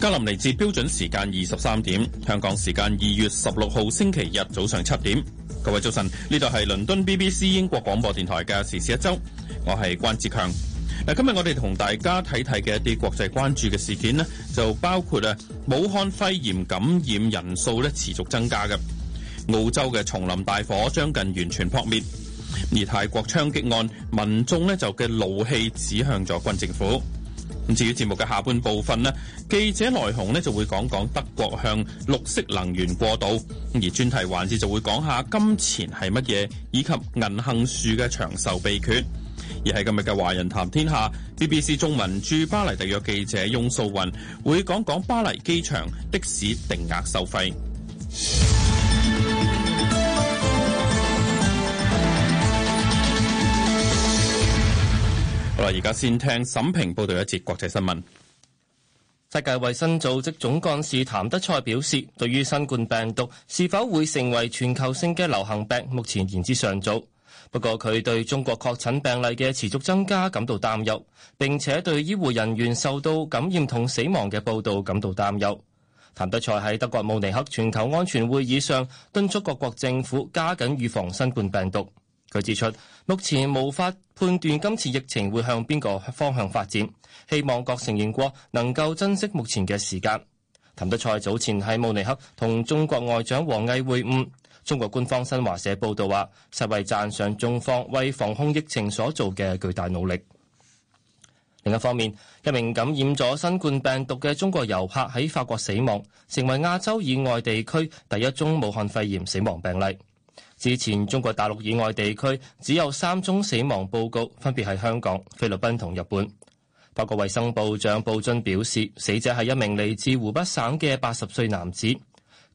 格林尼治標準時間二十三點，香港時間二月十六號星期日早上七點。各位早晨，呢度係倫敦 BBC 英國廣播電台嘅「時事一周」。我係關志強。今日我哋同大家睇睇嘅一啲國際關注嘅事件咧，就包括啊，武漢肺炎感染人數咧持續增加嘅，澳洲嘅叢林大火將近完全撲滅，而泰國槍擊案民眾咧就嘅怒氣指向咗軍政府。至於節目嘅下半部分咧，記者來鴻咧就會講講德國向綠色能源過渡，而專題環節就會講下金錢係乜嘢，以及銀杏樹嘅長壽秘訣。而喺今日嘅華人談天下，BBC 中文駐巴黎特約記者翁素雲會講講巴黎機場的士定額收費。而家先聽沈平報道一節國際新聞。世界衛生組織總幹事譚德賽表示，對於新冠病毒是否會成為全球性嘅流行病，目前言之尚早。不過佢對中國確診病例嘅持續增加感到擔憂，並且對醫護人員受到感染同死亡嘅報道感到擔憂。譚德賽喺德國慕尼黑全球安全會議上敦促各國政府加緊預防新冠病毒。佢指出，目前無法判斷今次疫情會向邊個方向發展。希望各承認國能夠珍惜目前嘅時間。譚德塞早前喺慕尼黑同中國外長王毅會晤，中國官方新華社報道話世衛讚賞中方為防控疫情所做嘅巨大努力。另一方面，一名感染咗新冠病毒嘅中國遊客喺法國死亡，成為亞洲以外地區第一宗武漢肺炎死亡病例。之前中國大陸以外地區只有三宗死亡報告，分別係香港、菲律賓同日本。法國衛生部長布津表示，死者係一名嚟自湖北省嘅八十歲男子，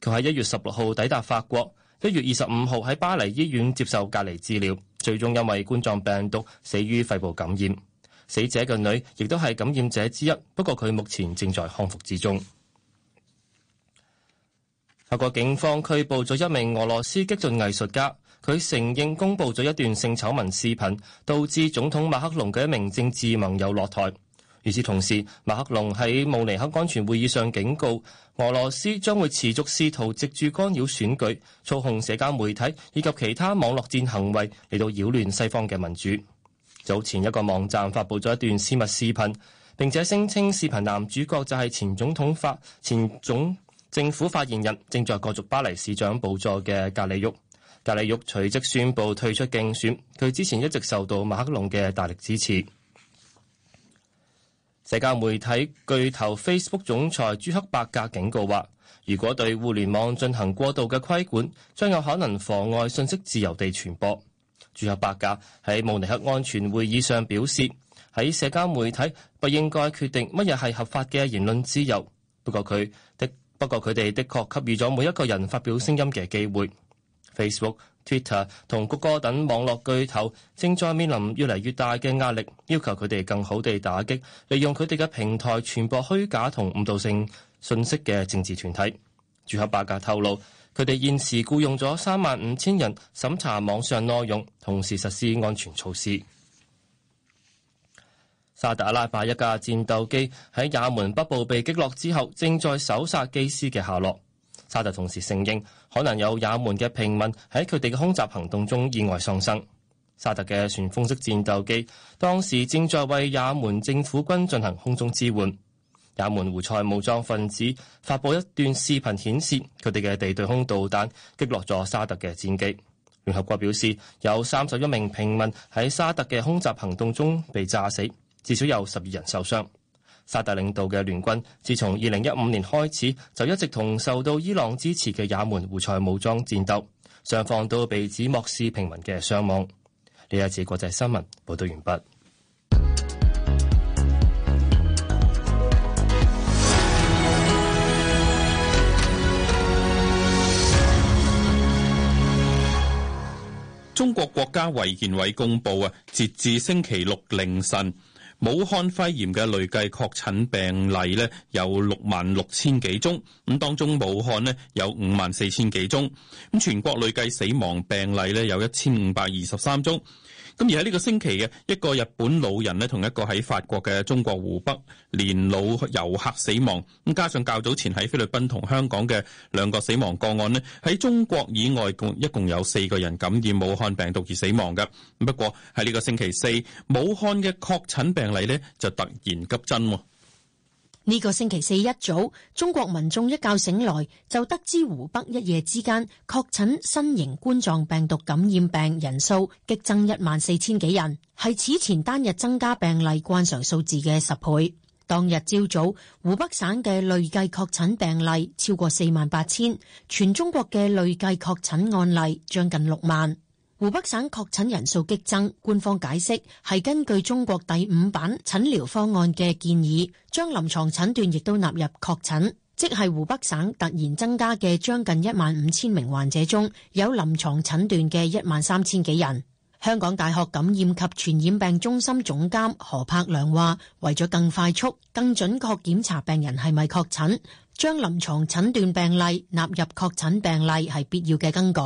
佢喺一月十六號抵達法國，一月二十五號喺巴黎醫院接受隔離治療，最終因為冠狀病毒死於肺部感染。死者嘅女亦都係感染者之一，不過佢目前正在康復之中。美國警方拘捕咗一名俄羅斯激進藝術家，佢承認公布咗一段性醜聞視頻，導致總統馬克龍嘅一名政治盟友落台。與此同時，馬克龍喺慕尼黑安全會議上警告俄羅斯將會持續試圖藉住干擾選舉、操控社交媒體以及其他網絡戰行為嚟到擾亂西方嘅民主。早前一個網站發布咗一段私密視頻，並且聲稱視頻男主角就係前總統法前總。政府發言人正在角逐巴黎市長補助嘅格里旭。格里旭隨即宣佈退出競選。佢之前一直受到馬克龍嘅大力支持。社交媒體巨頭 Facebook 總裁朱克伯格警告話，如果對互聯網進行過度嘅規管，將有可能妨礙信息自由地傳播。朱克伯格喺慕尼黑安全會議上表示，喺社交媒體不應該決定乜嘢係合法嘅言論自由。不過佢。不過，佢哋的確給予咗每一個人發表聲音嘅機會。Facebook、Twitter 同谷歌等網絡巨頭正在面臨越嚟越大嘅壓力，要求佢哋更好地打擊利用佢哋嘅平台傳播虛假同誤導性信息嘅政治團體。朱克伯格透露，佢哋現時僱用咗三萬五千人審查網上內容，同時實施安全措施。沙特阿拉伯一架戰鬥機喺也門北部被擊落之後，正在搜殺機師嘅下落。沙特同時承認，可能有也門嘅平民喺佢哋嘅空襲行動中意外喪生。沙特嘅旋風式戰鬥機當時正在為也門政府軍進行空中支援。也門胡塞武裝分子發佈一段視頻，顯示佢哋嘅地對空導彈擊落咗沙特嘅戰機。聯合國表示，有三十一名平民喺沙特嘅空襲行動中被炸死。至少有十二人受傷。沙特領導嘅聯軍自從二零一五年開始，就一直同受到伊朗支持嘅也門胡塞武裝戰鬥，上放到被指漠視平民嘅傷亡。呢一次國際新聞報道完畢。中國國家衛健委公布啊，截至星期六凌晨。武漢肺炎嘅累計確診病例咧有六萬六千幾宗，咁當中武漢咧有五萬四千幾宗，咁全國累計死亡病例咧有一千五百二十三宗。咁而喺呢個星期嘅，一個日本老人咧，同一個喺法國嘅中國湖北年老遊客死亡。咁加上較早前喺菲律賓同香港嘅兩個死亡個案咧，喺中國以外共一共有四個人感染武漢病毒而死亡嘅。不過喺呢個星期四，武漢嘅確診病例咧就突然急增。呢個星期四一早，中國民眾一覺醒來就得知湖北一夜之間確診新型冠狀病毒感染病人數激增一萬四千幾人，係此前單日增加病例慣常數字嘅十倍。當日朝早，湖北省嘅累計確診病例超過四萬八千，全中國嘅累計確診案例將近六萬。湖北省確診人數激增，官方解釋係根據中國第五版診療方案嘅建議，將臨床診斷亦都納入確診，即係湖北省突然增加嘅將近一萬五千名患者中有臨床診斷嘅一萬三千幾人。香港大學感染及傳染病中心總監何柏良話，為咗更快速、更準確檢查病人係咪確診，將臨床診斷病例納入確診病例係必要嘅更改。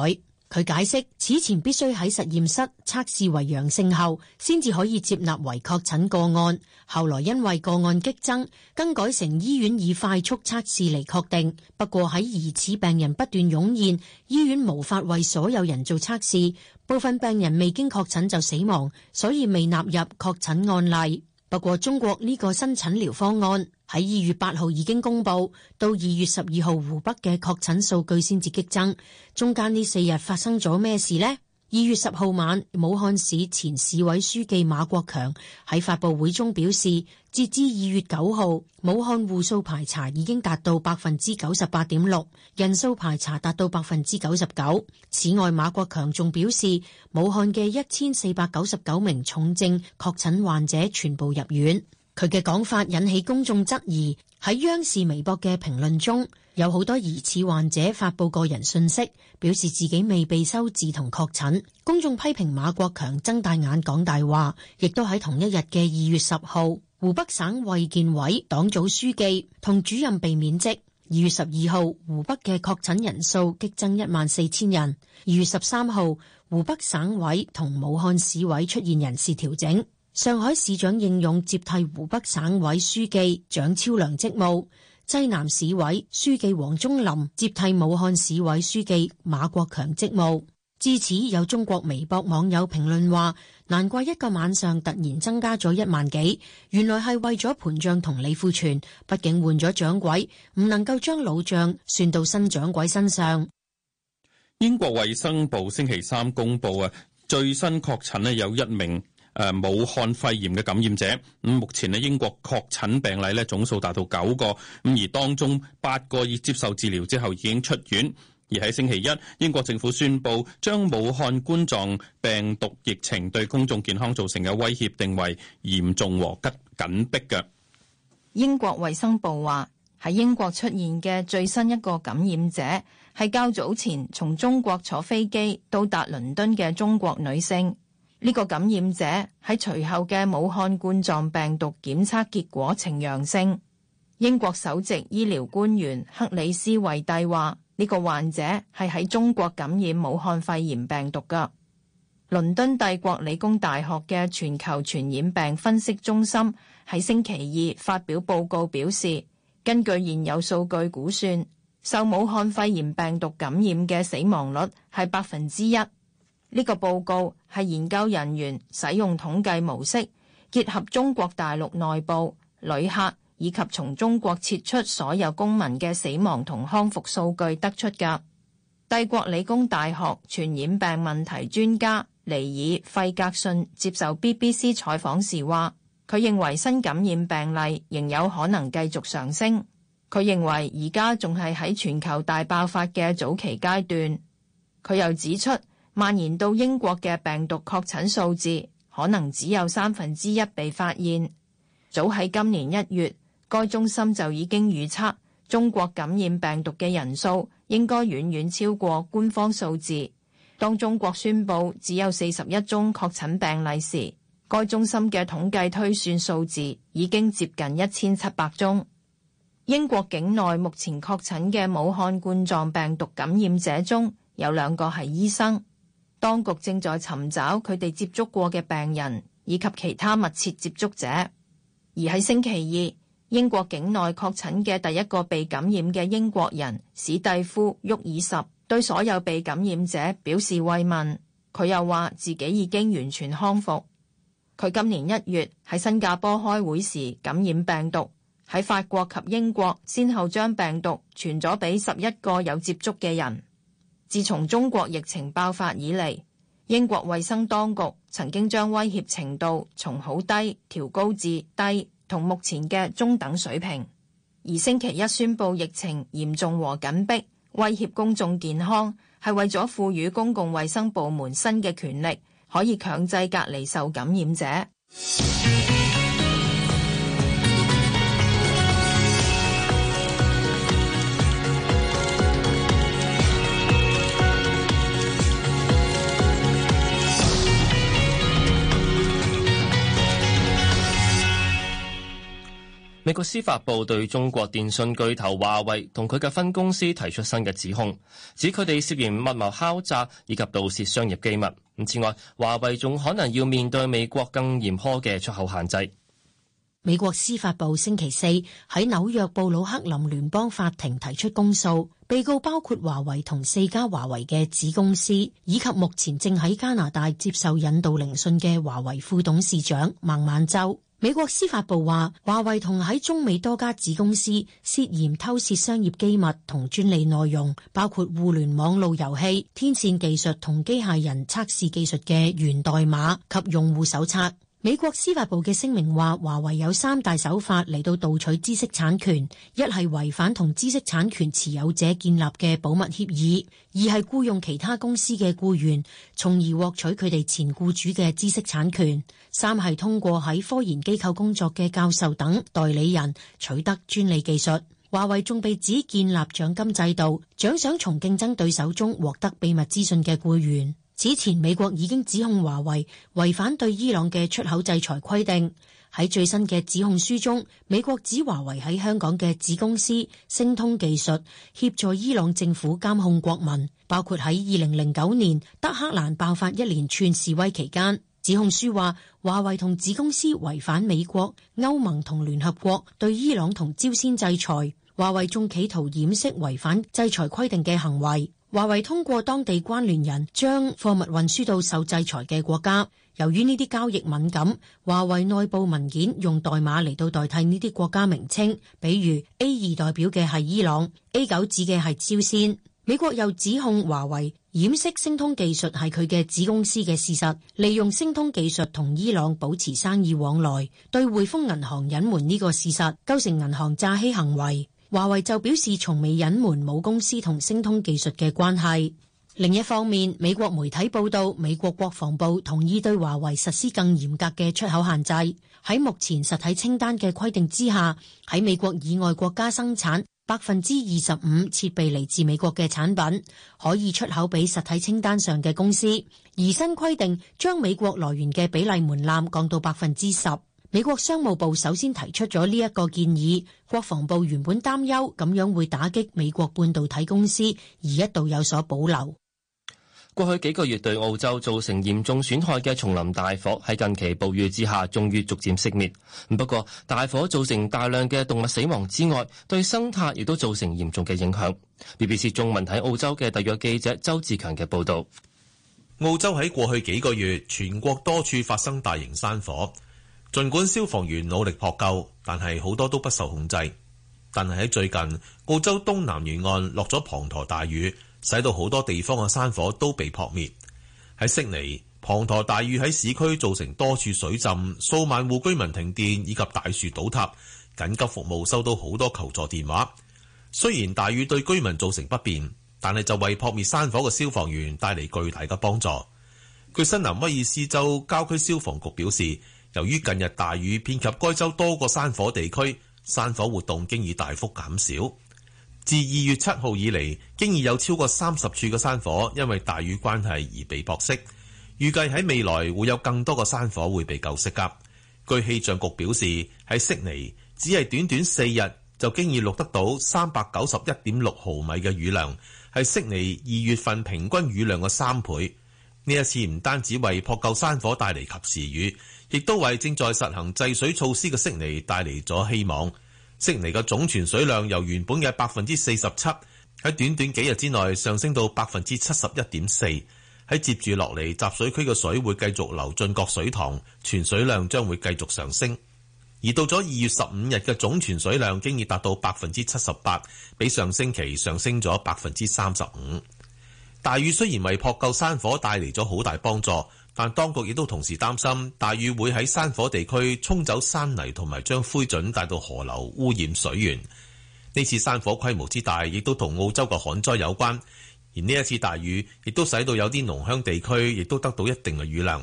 佢解釋，此前必須喺實驗室測試為陽性後，先至可以接納為確診個案。後來因為個案激增，更改成醫院以快速測試嚟確定。不過喺疑似病人不斷湧現，醫院無法為所有人做測試，部分病人未經確診就死亡，所以未納入確診案例。不過中國呢個新診療方案喺二月八號已經公布，到二月十二號湖北嘅確診數據先至激增，中間呢四日發生咗咩事呢？二月十號晚，武漢市前市委書記馬國強喺發布會中表示，截至二月九號，武漢戶數排查已經達到百分之九十八點六，人數排查達到百分之九十九。此外，馬國強仲表示，武漢嘅一千四百九十九名重症確診患者全部入院。佢嘅講法引起公眾質疑，喺央視微博嘅評論中，有好多疑似患者發布個人信息，表示自己未被收治同確診。公眾批評馬國強睜大眼講大話，亦都喺同一日嘅二月十號，湖北省衛健委黨組書記同主任被免職。二月十二號，湖北嘅確診人數激增一萬四千人。二月十三號，湖北省委同武漢市委出現人事調整。上海市長應勇接替湖北省委書記蔣超良職務，濟南市委，市委書記王忠林接替武漢市委書記馬國強職務。至此，有中國微博網友評論話：難怪一個晚上突然增加咗一萬幾，原來係為咗盤賬同理庫存。畢竟換咗掌櫃，唔能夠將老賬算到新掌櫃身上。英國衛生部星期三公布啊，最新確診咧有一名。誒，武漢肺炎嘅感染者咁，目前咧英國確診病例咧總數達到九個，咁而當中八個已接受治療之後已經出院。而喺星期一，英國政府宣布將武漢冠狀病毒疫情對公眾健康造成嘅威脅定為嚴重和急緊迫嘅。英國衛生部話，喺英國出現嘅最新一個感染者係較早前從中國坐飛機到達倫敦嘅中國女性。呢個感染者喺隨後嘅武漢冠狀病毒檢測結果呈陽性。英國首席醫療官員克里斯維蒂話：呢、這個患者係喺中國感染武漢肺炎病毒㗎。倫敦帝國理工大學嘅全球傳染病分析中心喺星期二發表報告表示，根據現有數據估算，受武漢肺炎病毒感染嘅死亡率係百分之一。呢個報告係研究人員使用統計模式，結合中國大陸內部旅客以及從中國撤出所有公民嘅死亡同康復數據得出嘅。帝國理工大學傳染病問題專家尼爾費格遜接受 BBC 採訪時話，佢認為新感染病例仍有可能繼續上升。佢認為而家仲係喺全球大爆發嘅早期階段。佢又指出，蔓延到英國嘅病毒確診數字可能只有三分之一被發現。早喺今年一月，該中心就已經預測中國感染病毒嘅人數應該遠遠超過官方數字。當中國宣布只有四十一宗確診病例時，該中心嘅統計推算數字已經接近一千七百宗。英國境內目前確診嘅武漢冠狀病毒感染者中有兩個係醫生。當局正在尋找佢哋接觸過嘅病人，以及其他密切接觸者。而喺星期二，英國境內確診嘅第一個被感染嘅英國人史蒂夫·沃爾什，對所有被感染者表示慰問。佢又話自己已經完全康復。佢今年一月喺新加坡開會時感染病毒，喺法國及英國先後將病毒傳咗畀十一個有接觸嘅人。自從中國疫情爆發以嚟，英國衛生當局曾經將威脅程度從好低調高至低，同目前嘅中等水平，而星期一宣布疫情嚴重和緊迫，威脅公眾健康，係為咗賦予公共衛生部門新嘅權力，可以強制隔離受感染者。美國司法部對中國電信巨頭華為同佢嘅分公司提出新嘅指控，指佢哋涉嫌密謀敲詐以及盜竊商業機密。咁此外，華為仲可能要面對美國更嚴苛嘅出口限制。美國司法部星期四喺紐約布魯克林聯邦法庭提出公訴，被告包括華為同四家華為嘅子公司，以及目前正喺加拿大接受引渡聆訊嘅華為副董事長孟晚舟。美國司法部話，華為同喺中美多家子公司涉嫌偷竊商業機密同專利內容，包括互聯網路由器、天線技術同機械人測試技術嘅源代碼及用戶手冊。美國司法部嘅聲明話，華為有三大手法嚟到盜取知識產權：一係違反同知識產權持有者建立嘅保密協議；二係僱傭其他公司嘅僱員，從而獲取佢哋前僱主嘅知識產權；三係通過喺科研機構工作嘅教授等代理人取得專利技術。華為仲被指建立獎金制度，獎賞從競爭對手中獲得秘密資訊嘅僱員。此前，美國已經指控華為違反對伊朗嘅出口制裁規定。喺最新嘅指控書中，美國指華為喺香港嘅子公司星通技術協助伊朗政府監控國民，包括喺二零零九年德黑蘭爆發一連串示威期間，指控書話華為同子公司違反美國、歐盟同聯合國對伊朗同朝鮮制裁，華為仲企圖掩飾違反制裁規定嘅行為。華為通過當地關聯人將貨物運輸到受制裁嘅國家。由於呢啲交易敏感，華為內部文件用代碼嚟到代替呢啲國家名稱，比如 A 二代表嘅係伊朗，A 九指嘅係朝鮮。美國又指控華為掩飾星通技術係佢嘅子公司嘅事實，利用星通技術同伊朗保持生意往來，對匯豐銀行隱瞞呢個事實，構成銀行詐欺行為。華為就表示，從未隱瞞母公司同星通技術嘅關係。另一方面，美國媒體報道，美國國防部同意對華為實施更嚴格嘅出口限制。喺目前實體清單嘅規定之下，喺美國以外國家生產百分之二十五設備嚟自美國嘅產品，可以出口俾實體清單上嘅公司。而新規定將美國來源嘅比例門檻降到百分之十。美國商務部首先提出咗呢一個建議，國防部原本擔憂咁樣會打擊美國半導體公司，而一度有所保留。過去幾個月對澳洲造成嚴重損害嘅叢林大火，喺近期暴雨之下，終於逐漸熄滅。不過，大火造成大量嘅動物死亡之外，對生態亦都造成嚴重嘅影響。BBC 中文台澳洲嘅特約記者周志強嘅報道：澳洲喺過去幾個月，全國多處發生大型山火。盡管消防員努力撲救，但係好多都不受控制。但係喺最近，澳洲東南沿岸落咗滂沱大雨，使到好多地方嘅山火都被撲滅。喺悉尼，滂沱大雨喺市區造成多處水浸，數萬戶居民停電，以及大樹倒塌。緊急服務收到好多求助電話。雖然大雨對居民造成不便，但係就為撲滅山火嘅消防員帶嚟巨大嘅幫助。據新南威爾斯州郊區消防局表示。由於近日大雨遍及該州多個山火地區，山火活動經已大幅減少。自二月七號以嚟，經已有超過三十處嘅山火因為大雨關係而被撲熄。預計喺未來會有更多嘅山火會被救熄㗎。據氣象局表示，喺悉尼，只係短短四日就經已錄得到三百九十一點六毫米嘅雨量，係悉尼二月份平均雨量嘅三倍。呢一次唔單止為撲救山火帶嚟及時雨，亦都為正在實行制水措施嘅悉尼帶嚟咗希望。悉尼嘅總存水量由原本嘅百分之四十七，喺短短幾日之內上升到百分之七十一點四。喺接住落嚟集水區嘅水會繼續流進各水塘，存水量將會繼續上升。而到咗二月十五日嘅總存水量，經已達到百分之七十八，比上星期上升咗百分之三十五。大雨雖然為撲救山火帶嚟咗好大幫助，但當局亦都同時擔心大雨會喺山火地區沖走山泥，同埋將灰燼帶到河流污染水源。呢次山火規模之大，亦都同澳洲嘅旱災有關。而呢一次大雨亦都使到有啲農鄉地區亦都得到一定嘅雨量。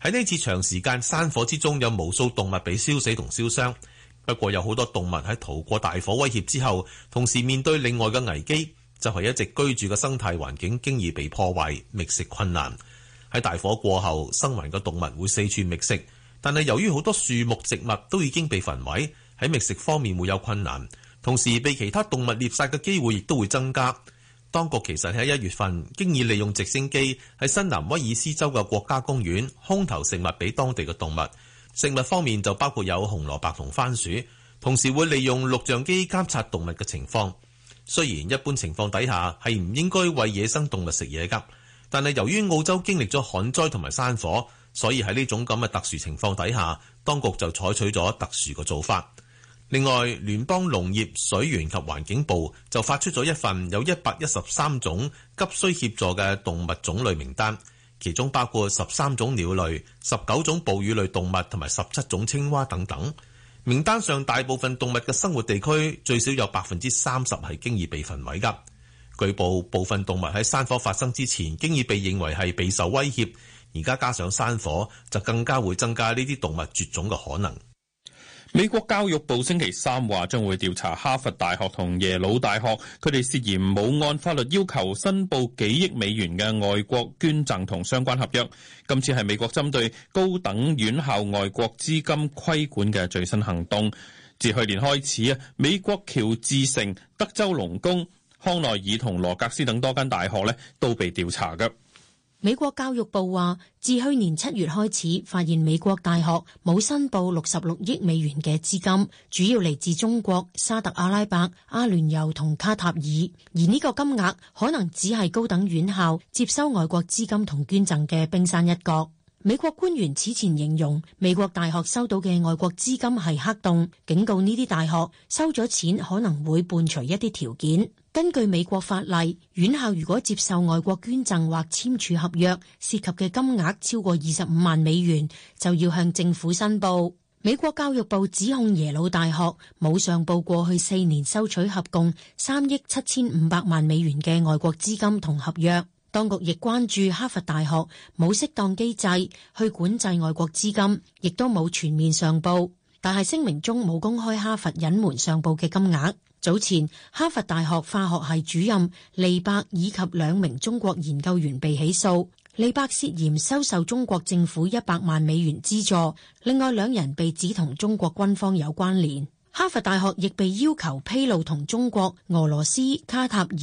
喺呢次長時間山火之中，有無數動物被燒死同燒傷。不過有好多動物喺逃過大火威脅之後，同時面對另外嘅危機。就係一直居住嘅生態環境經已被破壞，覓食困難。喺大火過後，生還嘅動物會四處覓食，但係由於好多樹木植物都已經被焚毀，喺覓食方面會有困難，同時被其他動物獵殺嘅機會亦都會增加。當局其實喺一月份經已利用直升機喺新南威爾斯州嘅國家公園空投食物俾當地嘅動物，食物方面就包括有紅蘿蔔同番薯，同時會利用錄像機監察動物嘅情況。雖然一般情況底下係唔應該餵野生動物食嘢㗎，但係由於澳洲經歷咗旱災同埋山火，所以喺呢種咁嘅特殊情況底下，當局就採取咗特殊嘅做法。另外，聯邦農業水源及環境部就發出咗一份有一百一十三種急需協助嘅動物種類名單，其中包括十三種鳥類、十九種哺乳類動物同埋十七種青蛙等等。名單上大部分動物嘅生活地區最少有百分之三十係經已被焚毀㗎。據報，部分動物喺山火發生之前經已被認為係備受威脅，而家加上山火，就更加會增加呢啲動物絕種嘅可能。美國教育部星期三話將會調查哈佛大學同耶魯大學，佢哋涉嫌冇按法律要求申報幾億美元嘅外國捐贈同相關合約。今次係美國針對高等院校外國資金規管嘅最新行動。自去年開始啊，美國喬治城、德州農工、康奈爾同羅格斯等多間大學呢都被調查嘅。美國教育部話，自去年七月開始，發現美國大學冇申報六十六億美元嘅資金，主要嚟自中國、沙特阿拉伯、阿聯酋同卡塔爾，而呢個金額可能只係高等院校接收外國資金同捐贈嘅冰山一角。美國官員此前形容，美國大學收到嘅外國資金係黑洞，警告呢啲大學收咗錢可能會伴隨一啲條件。根據美國法例，院校如果接受外國捐贈或簽署合約，涉及嘅金額超過二十五萬美元，就要向政府申報。美國教育部指控耶魯大學冇上報過去四年收取合共三億七千五百萬美元嘅外國資金同合約。當局亦關注哈佛大學冇適當機制去管制外國資金，亦都冇全面上報，但係聲明中冇公開哈佛隱瞞上報嘅金額。早前，哈佛大學化學系主任利伯以及兩名中國研究員被起訴，利伯涉嫌收受中國政府一百萬美元資助，另外兩人被指同中國軍方有關聯。哈佛大學亦被要求披露同中國、俄羅斯、卡塔爾、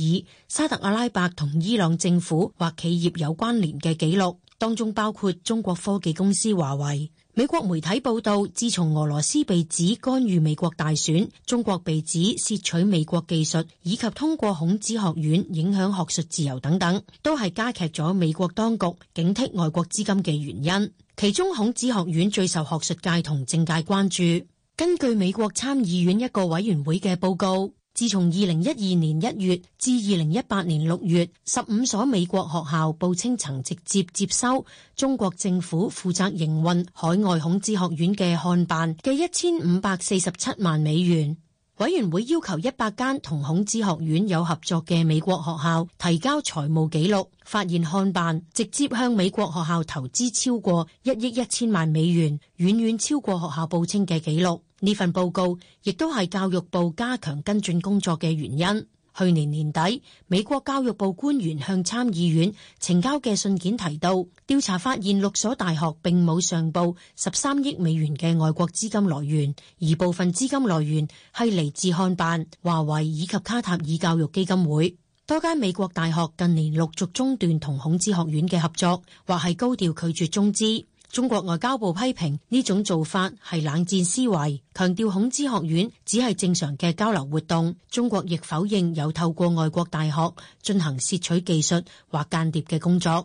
沙特阿拉伯同伊朗政府或企業有關聯嘅記錄，當中包括中國科技公司華為。美國媒體報道，自從俄羅斯被指干預美國大選、中國被指竊取美國技術以及通過孔子學院影響學術自由等等，都係加劇咗美國當局警惕外國資金嘅原因。其中，孔子學院最受學術界同政界關注。根據美國參議院一個委員會嘅報告，自從二零一二年一月至二零一八年六月，十五所美國學校報稱曾直接接收中國政府負責營運海外孔子學院嘅漢辦嘅一千五百四十七萬美元。委員會要求一百間同孔子學院有合作嘅美國學校提交財務記錄，發現漢辦直接向美國學校投資超過一億一千萬美元，遠遠超過學校報稱嘅記錄。呢份報告亦都係教育部加強跟進工作嘅原因。去年年底，美國教育部官員向參議院呈交嘅信件提到，調查發現六所大學並冇上報十三億美元嘅外國資金來源，而部分資金來源係嚟自漢辦、華為以及卡塔爾教育基金會。多間美國大學近年陸續中斷同孔子學院嘅合作，或係高調拒絕中資。中國外交部批評呢種做法係冷戰思維，強調孔子學院只係正常嘅交流活動。中國亦否認有透過外國大學進行竊取技術或間諜嘅工作。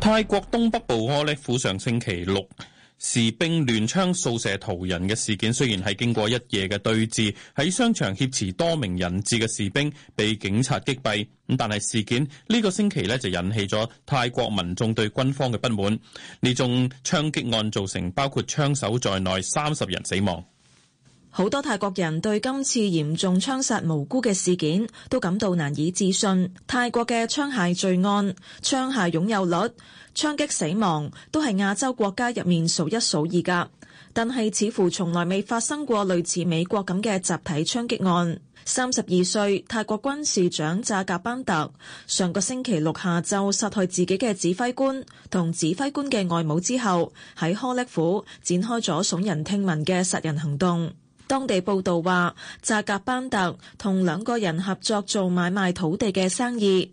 泰國東北部呵叻府上星期六。士兵亂槍掃射途人嘅事件雖然係經過一夜嘅對峙，喺商場挾持多名人質嘅士兵被警察擊斃，咁但係事件呢、呢個星期呢，就引起咗泰國民眾對軍方嘅不滿。呢宗槍擊案造成包括槍手在內三十人死亡。好多泰國人對今次嚴重槍殺無辜嘅事件都感到難以置信。泰國嘅槍械罪案、槍械擁有率、槍擊死亡都係亞洲國家入面數一數二噶，但係似乎從來未發生過類似美國咁嘅集體槍擊案。三十二歲泰國軍事長扎格班特上個星期六下晝殺害自己嘅指揮官同指揮官嘅外母之後，喺呵叻府展開咗聳人聽聞嘅殺人行動。當地報道話，扎格班特同兩個人合作做買賣土地嘅生意。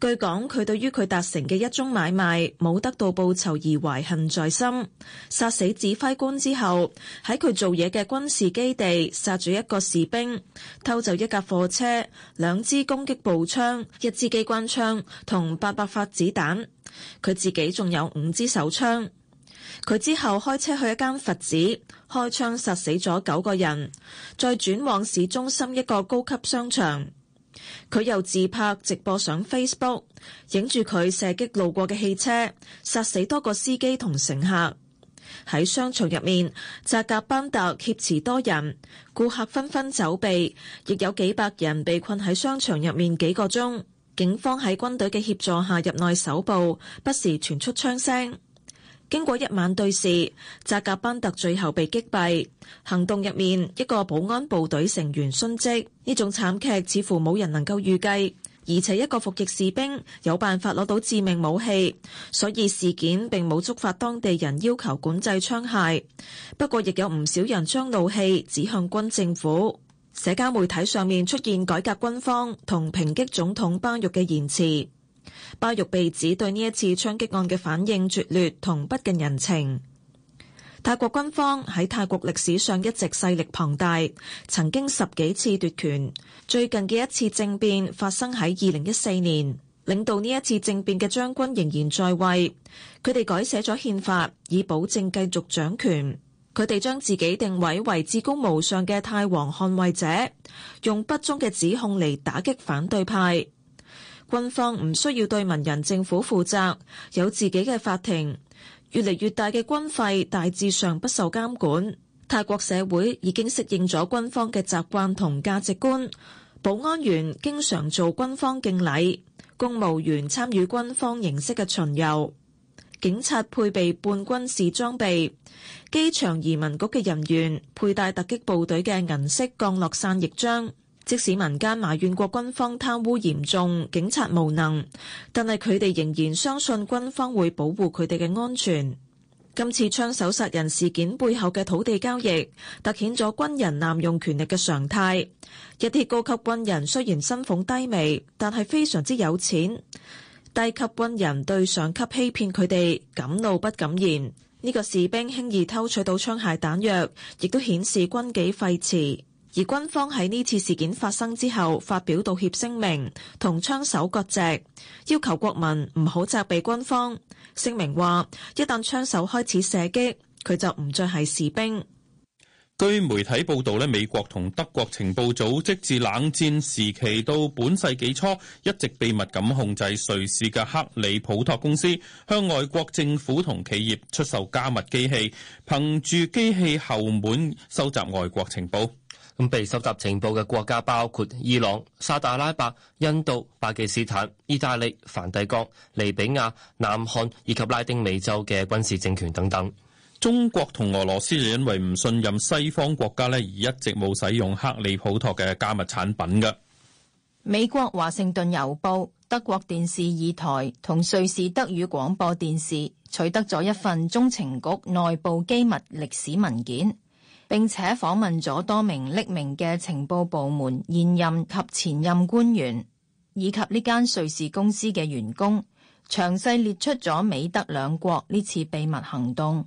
據講，佢對於佢達成嘅一宗買賣冇得到報酬而懷恨在心，殺死指揮官之後，喺佢做嘢嘅軍事基地殺住一個士兵，偷走一架貨車、兩支攻擊步槍、一支機關槍同八百發子彈。佢自己仲有五支手槍。佢之後開車去一間佛寺，開槍殺死咗九個人，再轉往市中心一個高級商場。佢又自拍直播上 Facebook，影住佢射擊路過嘅汽車，殺死多個司機同乘客。喺商場入面，扎格班特挾持多人，顧客紛紛走避，亦有幾百人被困喺商場入面幾個鐘。警方喺軍隊嘅協助下入內搜捕，不時傳出槍聲。經過一晚對峙，扎格班特最後被擊斃。行動入面，一個保安部隊成員殉職。呢種慘劇似乎冇人能夠預計，而且一個服役士兵有辦法攞到致命武器，所以事件並冇觸發當地人要求管制槍械。不過，亦有唔少人將怒氣指向軍政府。社交媒體上面出現改革軍方同抨擊總統巴育嘅言辭。巴育被指對呢一次槍擊案嘅反應拙劣同不近人情。泰國軍方喺泰國歷史上一直勢力龐大，曾經十幾次奪權。最近嘅一次政變發生喺二零一四年，領導呢一次政變嘅將軍仍然在位。佢哋改寫咗憲法，以保證繼續掌權。佢哋將自己定位為至高無上嘅泰皇捍衛者，用不忠嘅指控嚟打擊反對派。軍方唔需要對文人政府負責，有自己嘅法庭。越嚟越大嘅軍費大致上不受監管。泰國社會已經適應咗軍方嘅習慣同價值觀。保安員經常做軍方敬禮，公務員參與軍方形式嘅巡遊，警察配備半軍事裝備，機場移民局嘅人員佩戴突擊部隊嘅銀色降落傘翼章。即使民間埋怨過軍方貪污嚴重、警察無能，但係佢哋仍然相信軍方會保護佢哋嘅安全。今次槍手殺人事件背後嘅土地交易，突顯咗軍人濫用權力嘅常態。一啲高級軍人雖然薪俸低微，但係非常之有錢。低級軍人對上級欺騙佢哋，敢怒不敢言。呢個士兵輕易偷取到槍械彈藥，亦都顯示軍紀廢弛。而軍方喺呢次事件發生之後，發表道歉聲明，同槍手割席，要求國民唔好責備軍方。聲明話，一旦槍手開始射擊，佢就唔再係士兵。據媒體報道咧，美國同德國情報組織，直至冷戰時期到本世紀初，一直秘密咁控制瑞士嘅克里普托公司，向外國政府同企業出售加密機器，憑住機器後門收集外國情報。咁被收集情報嘅國家包括伊朗、沙特阿拉伯、印度、巴基斯坦、意大利、梵蒂岡、利比亞、南韓以及拉丁美洲嘅軍事政權等等。中國同俄羅斯因為唔信任西方國家呢而一直冇使用克里普托嘅加密產品噶。美國華盛頓郵報、德國電視二台同瑞士德語廣播電視取得咗一份中情局內部機密歷史文件。並且訪問咗多名匿名嘅情報部門現任及前任官員，以及呢間瑞士公司嘅員工，詳細列出咗美德兩國呢次秘密行動。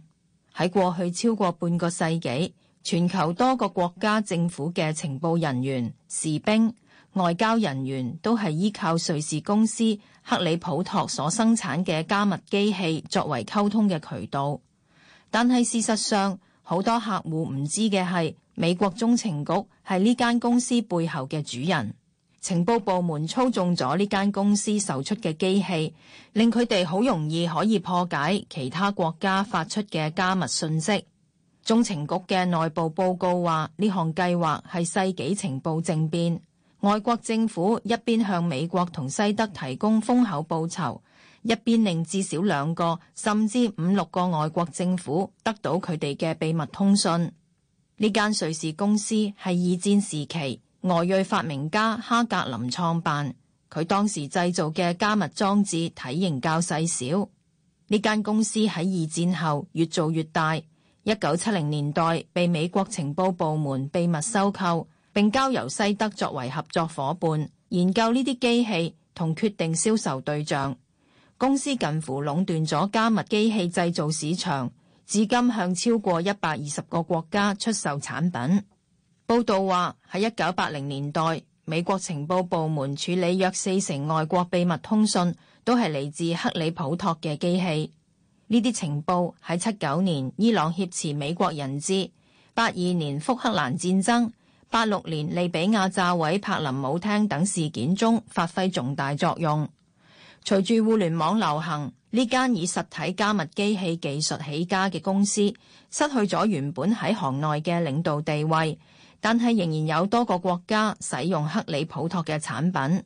喺過去超過半個世紀，全球多個國家政府嘅情報人員、士兵、外交人員都係依靠瑞士公司克里普托所生產嘅加密機器作為溝通嘅渠道。但係事實上，好多客戶唔知嘅係，美國中情局係呢間公司背後嘅主人，情報部門操縱咗呢間公司售出嘅機器，令佢哋好容易可以破解其他國家發出嘅加密信息。中情局嘅內部報告話，呢項計劃係世紀情報政變，外國政府一邊向美國同西德提供豐厚報酬，一邊令至少兩個，甚至五六個外國政府得到佢哋嘅秘密通訊。呢間瑞士公司係二戰時期外裔發明家哈格林創辦。佢當時製造嘅加密裝置體型較細小。呢間公司喺二戰後越做越大。一九七零年代被美國情報部門秘密收購，並交由西德作為合作夥伴研究呢啲機器，同決定銷售對象。公司近乎壟斷咗加密機器製造市場，至今向超過一百二十個國家出售產品。報道話喺一九八零年代，美國情報部門處理約四成外國秘密通訊，都係嚟自克里普托嘅機器。呢啲情報喺七九年伊朗挾持美國人質、八二年福克蘭戰爭、八六年利比亞炸毀柏林舞廳等事件中發揮重大作用。隨住互聯網流行，呢間以實體加密機器技術起家嘅公司失去咗原本喺行內嘅領導地位，但係仍然有多個國家使用克里普托嘅產品。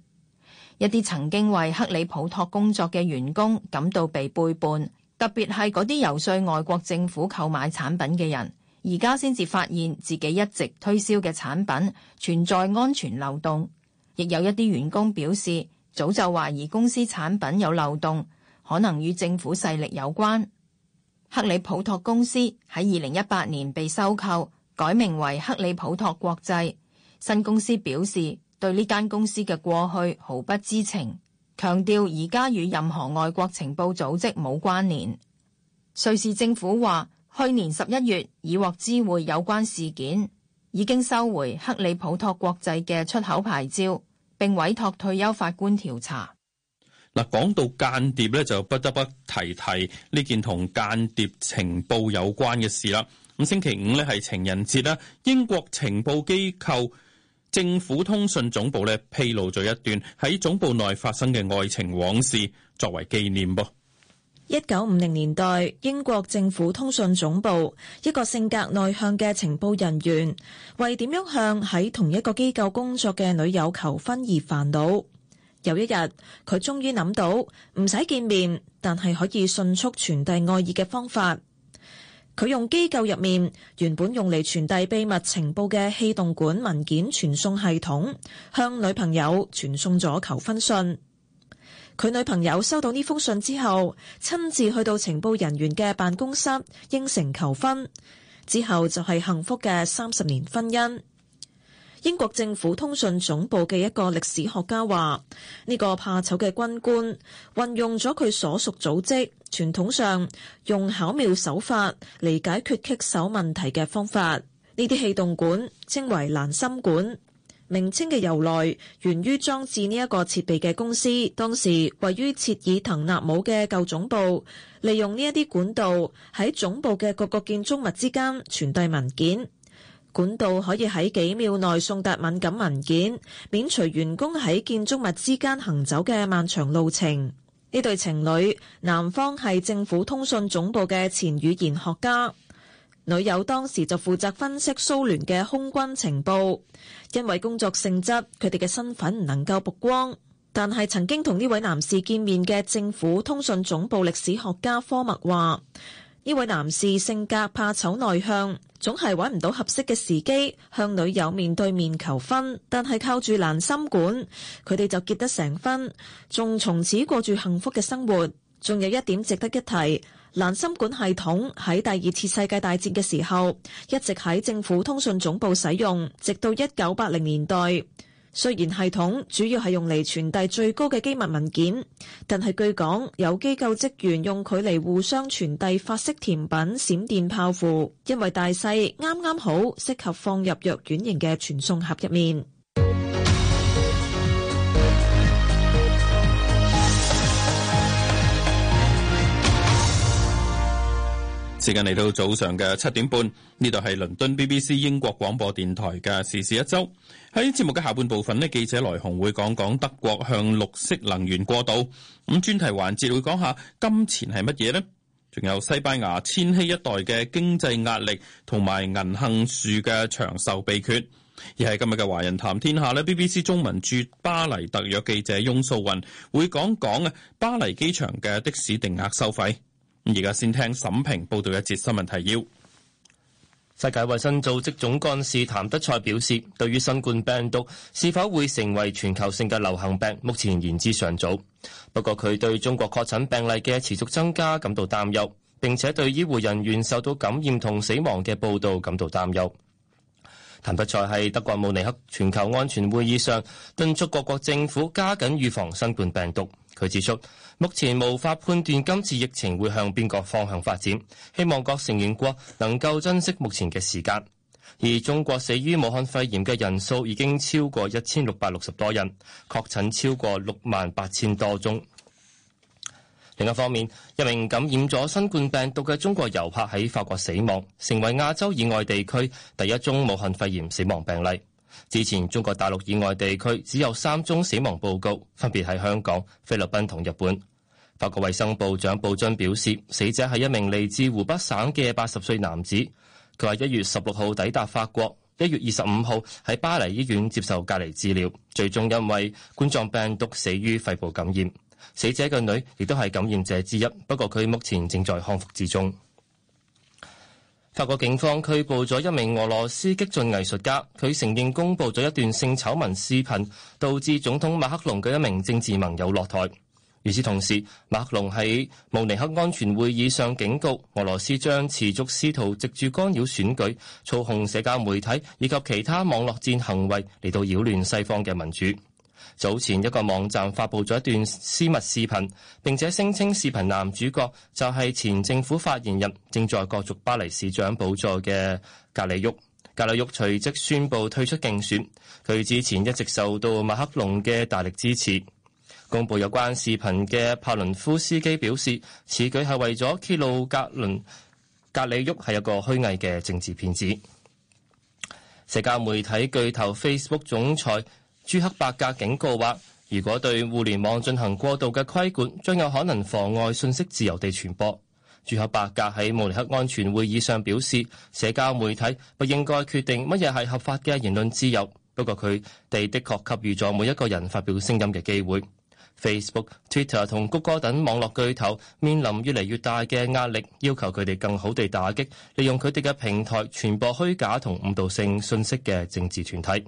一啲曾經為克里普托工作嘅員工感到被背叛，特別係嗰啲游說外國政府購買產品嘅人，而家先至發現自己一直推銷嘅產品存在安全漏洞。亦有一啲員工表示。早就懷疑公司產品有漏洞，可能與政府勢力有關。克里普托公司喺二零一八年被收購，改名為克里普托國際。新公司表示對呢間公司嘅過去毫不知情，強調而家與任何外國情報組織冇關聯。瑞士政府話，去年十一月已獲知會有關事件，已經收回克里普托國際嘅出口牌照。並委託退休法官調查。嗱，講到間諜咧，就不得不提提呢件同間諜情報有關嘅事啦。咁星期五咧係情人節啦，英國情報機構政府通訊總部咧披露咗一段喺總部內發生嘅愛情往事，作為紀念噃。一九五零年代，英國政府通訊總部一個性格內向嘅情報人員，為點樣向喺同一個機構工作嘅女友求婚而煩惱。有一日，佢終於諗到唔使見面，但係可以迅速傳遞愛意嘅方法。佢用機構入面原本用嚟傳遞秘密情報嘅氣動管文件傳送系統，向女朋友傳送咗求婚信。佢女朋友收到呢封信之後，親自去到情報人員嘅辦公室應承求婚，之後就係幸福嘅三十年婚姻。英國政府通訊總部嘅一個歷史學家話，呢、這個怕醜嘅軍官運用咗佢所屬組織傳統上用巧妙手法嚟解決棘手問題嘅方法，呢啲氣動管稱為蘭心管。名稱嘅由來源於裝置呢一個設備嘅公司，當時位於切爾滕納姆嘅舊總部。利用呢一啲管道喺總部嘅各個建築物之間傳遞文件，管道可以喺幾秒內送達敏感文件，免除員工喺建築物之間行走嘅漫長路程。呢對情侶男方係政府通訊總部嘅前語言學家，女友當時就負責分析蘇聯嘅空軍情報。因為工作性質，佢哋嘅身份唔能夠曝光。但係曾經同呢位男士見面嘅政府通訊總部歷史學家科麥話，呢位男士性格怕醜內向，總係揾唔到合適嘅時機向女友面對面求婚。但係靠住蘭心管，佢哋就結得成婚，仲從此過住幸福嘅生活。仲有一點值得一提。蘭心管系統喺第二次世界大戰嘅時候一直喺政府通訊總部使用，直到一九八零年代。雖然系統主要係用嚟傳遞最高嘅機密文件，但係據講有機構職員用佢嚟互相傳遞法式甜品閃電泡芙，因為大細啱啱好適合放入藥丸型嘅傳送盒入面。時間嚟到早上嘅七點半，呢度係倫敦 BBC 英國廣播電台嘅時事一周。喺節目嘅下半部分呢記者來紅會講講德國向綠色能源過渡。咁專題環節會講下金錢係乜嘢呢仲有西班牙千禧一代嘅經濟壓力，同埋銀杏樹嘅長壽秘訣。而係今日嘅華人談天下呢 b b c 中文駐巴黎特約記者翁素云會講講啊巴黎機場嘅的,的士定額收費。而家先聽沈平報道一節新聞提要。世界衛生組織總幹事譚德塞表示，對於新冠病毒是否會成為全球性嘅流行病，目前言之尚早。不過，佢對中國確診病例嘅持續增加感到擔憂，並且對醫護人員受到感染同死亡嘅報道感到擔憂。譚德塞喺德國慕尼黑全球安全會議上敦促各國政府加緊預防新冠病毒。佢指出，目前無法判斷今次疫情會向邊個方向發展，希望各成員國能夠珍惜目前嘅時間。而中國死於武漢肺炎嘅人數已經超過一千六百六十多人，確診超過六萬八千多宗。另一方面，一名感染咗新冠病毒嘅中國遊客喺法國死亡，成為亞洲以外地區第一宗武漢肺炎死亡病例。之前中國大陸以外地區只有三宗死亡報告，分別喺香港、菲律賓同日本。法國衛生部長布津表示，死者係一名嚟自湖北省嘅八十歲男子。佢話一月十六號抵達法國，一月二十五號喺巴黎醫院接受隔離治療，最終因為冠狀病毒死於肺部感染。死者嘅女亦都係感染者之一，不過佢目前正在康復之中。法國警方拘捕咗一名俄羅斯激進藝術家，佢承認公布咗一段性醜聞視頻，導致總統馬克龍嘅一名政治盟友落台。與此同時，馬克龍喺慕尼黑安全會議上警告俄羅斯將持續試圖藉住干擾選舉、操控社交媒體以及其他網絡戰行為嚟到擾亂西方嘅民主。早前一個網站發布咗一段私密視頻，並且聲稱視頻男主角就係前政府發言人，正在角逐巴黎市長寶座嘅格里沃。格里沃隨即宣布退出競選。佢之前一直受到馬克龍嘅大力支持。公布有關視頻嘅帕倫夫斯基表示，此舉係為咗揭露格倫格里沃係一個虛偽嘅政治騙子。社交媒體巨頭 Facebook 總裁朱克伯格警告話：如果對互聯網進行過度嘅規管，將有可能妨礙信息自由地傳播。朱克伯格喺慕尼黑安全會議上表示，社交媒體不應該決定乜嘢係合法嘅言論自由，不過佢哋的確給予咗每一個人發表聲音嘅機會。Facebook、Twitter 同谷歌等網絡巨頭面臨越嚟越大嘅壓力，要求佢哋更好地打擊利用佢哋嘅平台傳播虛假同誤導性信息嘅政治團體。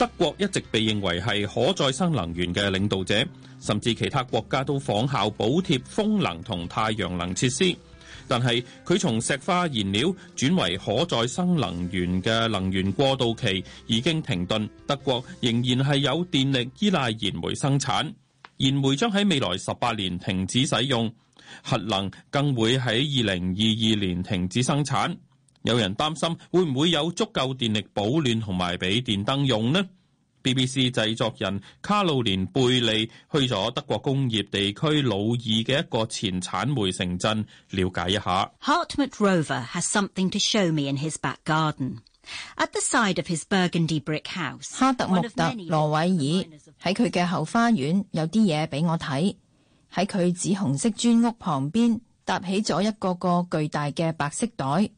德國一直被認為係可再生能源嘅領導者，甚至其他國家都仿效補貼風能同太陽能設施。但係佢從石化燃料轉為可再生能源嘅能源過渡期已經停頓，德國仍然係有電力依賴燃煤生產，燃煤將喺未來十八年停止使用，核能更會喺二零二二年停止生產。有人擔心會唔會有足夠電力保暖，同埋俾電燈用呢？BBC 製作人卡路連貝利去咗德國工業地區魯爾嘅一個前產煤城鎮，了解一下。哈特穆特羅維爾 has something to show me in his back garden at the side of his burgundy brick house。哈特穆特羅維爾喺佢嘅後花園有啲嘢俾我睇，喺佢紫紅色磚屋旁邊搭起咗一個個巨大嘅白色袋。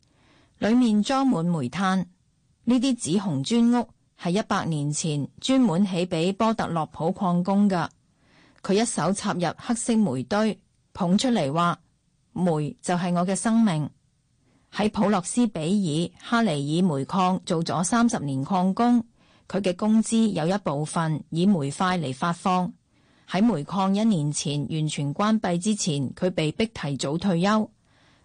裏面裝滿煤炭，呢啲紫紅磚屋係一百年前專門起俾波特洛普礦工噶。佢一手插入黑色煤堆，捧出嚟話：煤就係我嘅生命。喺普洛斯比爾哈尼爾煤礦做咗三十年礦工，佢嘅工資有一部分以煤塊嚟發放。喺煤礦一年前完全關閉之前，佢被迫提早退休。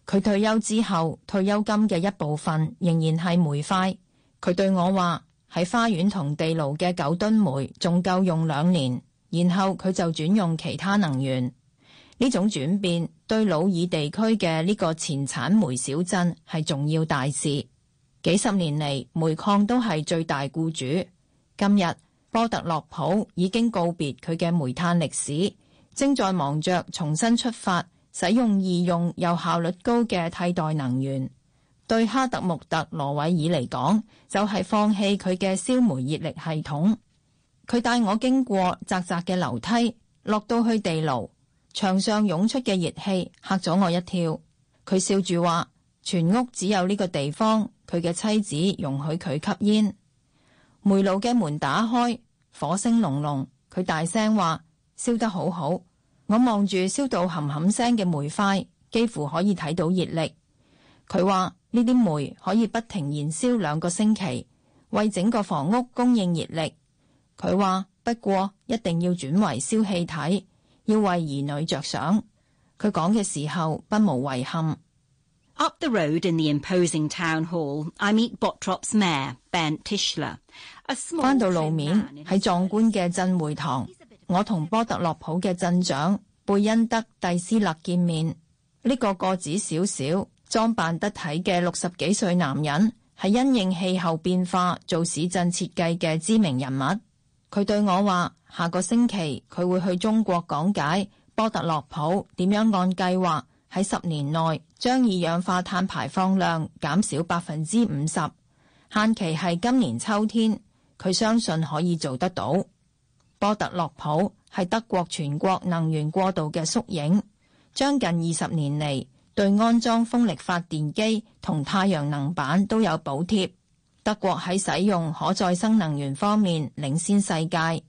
佢退休之後，退休金嘅一部分仍然係煤塊。佢對我話：喺花園同地牢嘅九噸煤，仲夠用兩年。然後佢就轉用其他能源。呢種轉變對魯爾地區嘅呢個前產煤小鎮係重要大事。幾十年嚟，煤礦都係最大雇主。今日波特洛普已經告別佢嘅煤炭歷史，正在忙着重新出發。使用易用又效率高嘅替代能源，對哈特穆特羅維爾嚟講就係、是、放棄佢嘅燒煤熱力系統。佢帶我經過窄窄嘅樓梯，落到去地牢，牆上湧出嘅熱氣吓咗我一跳。佢笑住話：全屋只有呢個地方，佢嘅妻子容許佢吸煙。煤爐嘅門打開，火星隆隆。佢大聲話：燒得好好。我望住燒到冚冚聲嘅煤塊，幾乎可以睇到熱力。佢話呢啲煤可以不停燃燒兩個星期，為整個房屋供應熱力。佢話不過一定要轉為燒氣體，要為兒女着想。佢講嘅時候不無遺憾。Up the road in the imposing town hall, I meet Bottrop's mayor, Ben Tischler。翻到路面喺壯觀嘅鎮會堂。我同波特洛普嘅鎮長貝恩德蒂斯勒見面，呢、這個個子小小、裝扮得體嘅六十幾歲男人，係因應氣候變化做市鎮設計嘅知名人物。佢對我話：下個星期佢會去中國講解波特洛普點樣按計劃喺十年內將二氧化碳排放量減少百分之五十，限期係今年秋天。佢相信可以做得到。波特洛普係德國全國能源過渡嘅縮影，將近二十年嚟對安裝風力發電機同太陽能板都有補貼。德國喺使用可再生能源方面領先世界，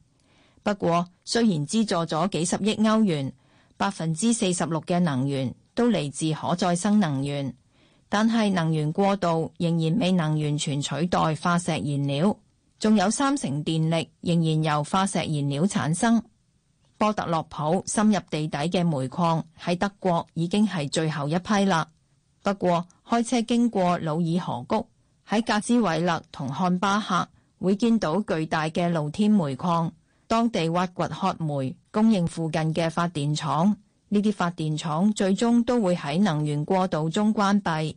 不過雖然資助咗幾十億歐元，百分之四十六嘅能源都嚟自可再生能源，但係能源過渡仍然未能完全取代化石燃料。仲有三成電力仍然由化石燃料產生。波特洛普深入地底嘅煤礦喺德國已經係最後一批啦。不過開車經過魯爾河谷，喺格茲韋勒同漢巴克會見到巨大嘅露天煤礦，當地挖掘褐煤供應附近嘅發電廠。呢啲發電廠最終都會喺能源過渡中關閉。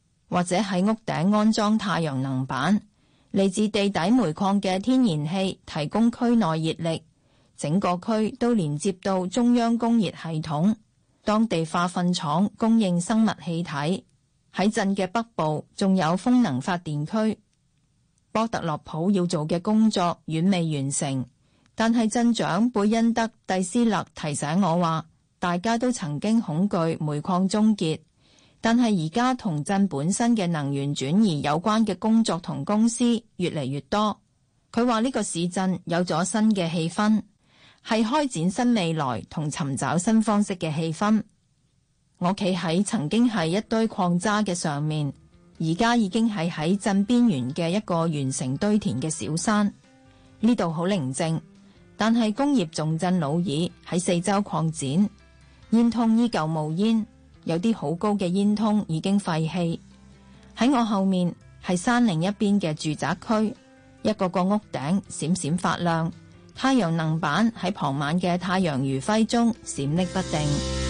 或者喺屋頂安裝太陽能板，嚟自地底煤礦嘅天然氣提供區內熱力，整個區都連接到中央供熱系統。當地化糞廠供應生物氣體。喺鎮嘅北部，仲有風能發電區。波特洛普要做嘅工作遠未完成，但係鎮長貝恩德·蒂斯勒提醒我話，大家都曾經恐懼煤礦終結。但係而家同鎮本身嘅能源轉移有關嘅工作同公司越嚟越多。佢話呢個市鎮有咗新嘅氣氛，係開展新未來同尋找新方式嘅氣氛。我企喺曾經係一堆礦渣嘅上面，而家已經係喺鎮邊緣嘅一個完成堆填嘅小山。呢度好寧靜，但係工業重鎮魯爾喺四周擴展，煙囪依舊冒煙。有啲好高嘅煙囪已經廢棄，喺我後面係山另一邊嘅住宅區，一個個屋頂閃閃發亮，太陽能板喺傍晚嘅太陽餘暉中閃爍不定。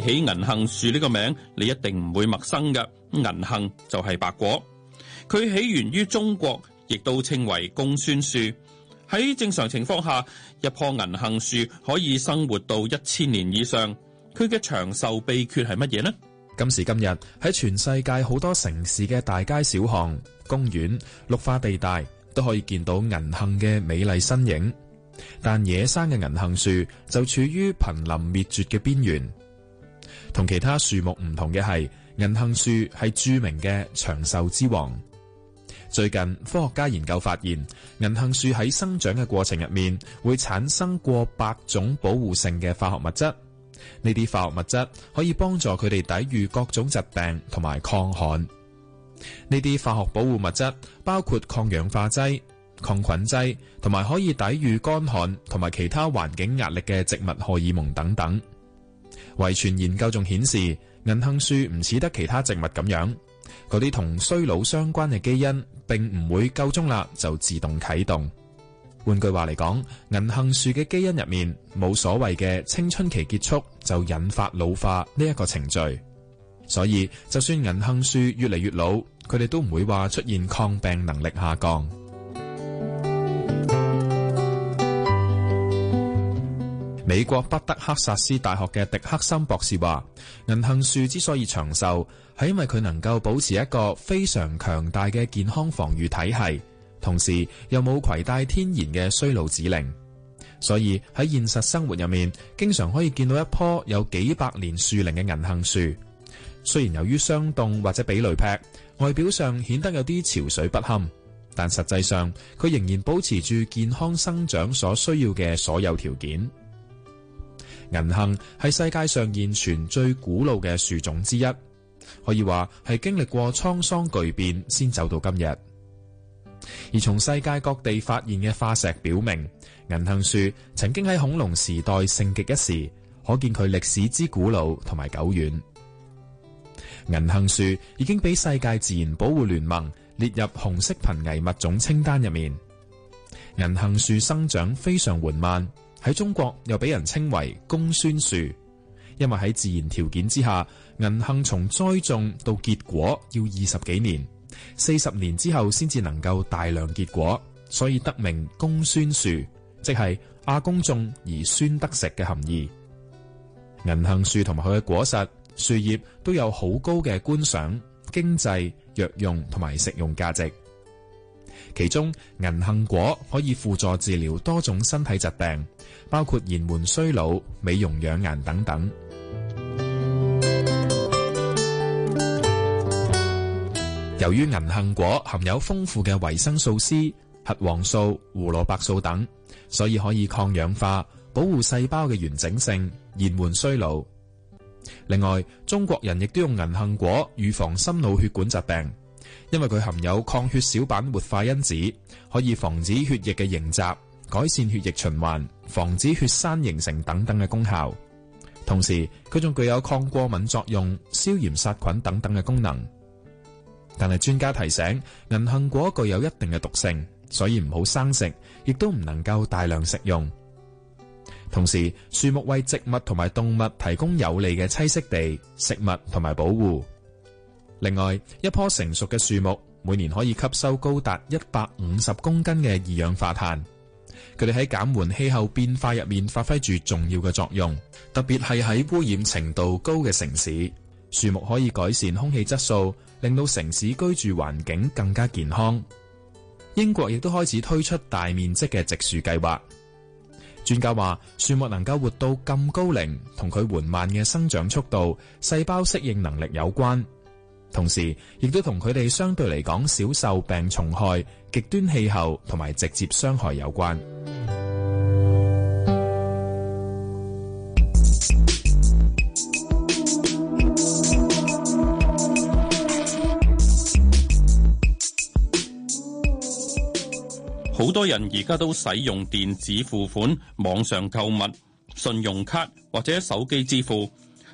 起銀杏樹呢個名，你一定唔會陌生嘅。銀杏就係白果，佢起源於中國，亦都稱為公孫樹。喺正常情況下，一棵銀杏樹可以生活到一千年以上。佢嘅長壽秘訣係乜嘢呢？今時今日喺全世界好多城市嘅大街小巷、公園、綠化地帶都可以見到銀杏嘅美麗身影，但野生嘅銀杏樹就處於瀕臨滅絕嘅邊緣。同其他樹木唔同嘅係，銀杏樹係著名嘅長壽之王。最近科學家研究發現，銀杏樹喺生長嘅過程入面會產生過百種保護性嘅化學物質。呢啲化學物質可以幫助佢哋抵禦各種疾病同埋抗旱。呢啲化學保護物質包括抗氧化劑、抗菌劑，同埋可以抵禦乾旱同埋其他環境壓力嘅植物荷爾蒙等等。遺傳研究仲顯示，銀杏樹唔似得其他植物咁樣，嗰啲同衰老相關嘅基因並，並唔會夠鐘啦就自動啟動。換句話嚟講，銀杏樹嘅基因入面冇所謂嘅青春期結束就引發老化呢一個程序，所以就算銀杏樹越嚟越老，佢哋都唔會話出現抗病能力下降。美國北德克薩斯大學嘅迪克森博士話：銀杏樹之所以長壽，係因為佢能夠保持一個非常強大嘅健康防禦體系，同時又冇攜帶天然嘅衰老指令。所以喺現實生活入面，經常可以見到一棵有幾百年樹齡嘅銀杏樹。雖然由於霜凍或者俾雷劈，外表上顯得有啲潮水不堪，但實際上佢仍然保持住健康生長所需要嘅所有條件。銀杏係世界上現存最古老嘅樹種之一，可以話係經歷過滄桑巨變先走到今日。而從世界各地發現嘅化石表明，銀杏樹曾經喺恐龍時代盛極一時，可見佢歷史之古老同埋久遠。銀杏樹已經俾世界自然保護聯盟列入紅色瀕危物種清單入面。銀杏樹生長非常緩慢。喺中國又俾人稱為公孫樹，因為喺自然條件之下，銀杏從栽種到結果要二十幾年，四十年之後先至能夠大量結果，所以得名公孫樹，即係阿公種而孫得食嘅含義。銀杏樹同埋佢嘅果實、樹葉都有好高嘅觀賞、經濟、藥用同埋食用價值。其中銀杏果可以輔助治療多種身體疾病，包括延緩衰老、美容養顏等等。由於銀杏果含有豐富嘅維生素 C、核黃素、胡蘿蔔素等，所以可以抗氧化、保護細胞嘅完整性、延緩衰老。另外，中國人亦都用銀杏果預防心腦血管疾病，因為佢含有抗血小板活化因子，可以防止血液嘅凝集。改善血液循環、防止血栓形成等等嘅功效，同時佢仲具有抗過敏作用、消炎殺菌等等嘅功能。但係專家提醒，銀杏果具有一定嘅毒性，所以唔好生食，亦都唔能夠大量食用。同時，樹木為植物同埋動物提供有利嘅棲息地、食物同埋保護。另外，一棵成熟嘅樹木每年可以吸收高達一百五十公斤嘅二氧化碳。佢哋喺減緩氣候變化入面發揮住重要嘅作用，特別係喺污染程度高嘅城市，樹木可以改善空氣質素，令到城市居住環境更加健康。英國亦都開始推出大面積嘅植樹計劃。專家話，樹木能夠活到咁高齡，同佢緩慢嘅生長速度、細胞適應能力有關。同時，亦都同佢哋相對嚟講少受病蟲害、極端氣候同埋直接傷害有關。好多人而家都使用電子付款、網上購物、信用卡或者手機支付。